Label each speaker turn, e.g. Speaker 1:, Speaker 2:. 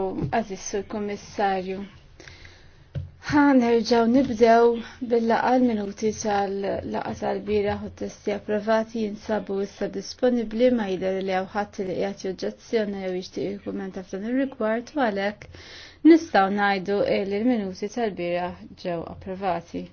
Speaker 1: U għazissu kommissarju Għan nerġaw nibdew bil-laqal minuti tal-laqa tal-bira u testi approvati jinsabu issa disponibli ma jider li għawħat li jgħati oġġazzjoni u jixtieq jikkumenta f'dan il-rigward u għalek nistaw najdu il-minuti tal-bira ġew approvati.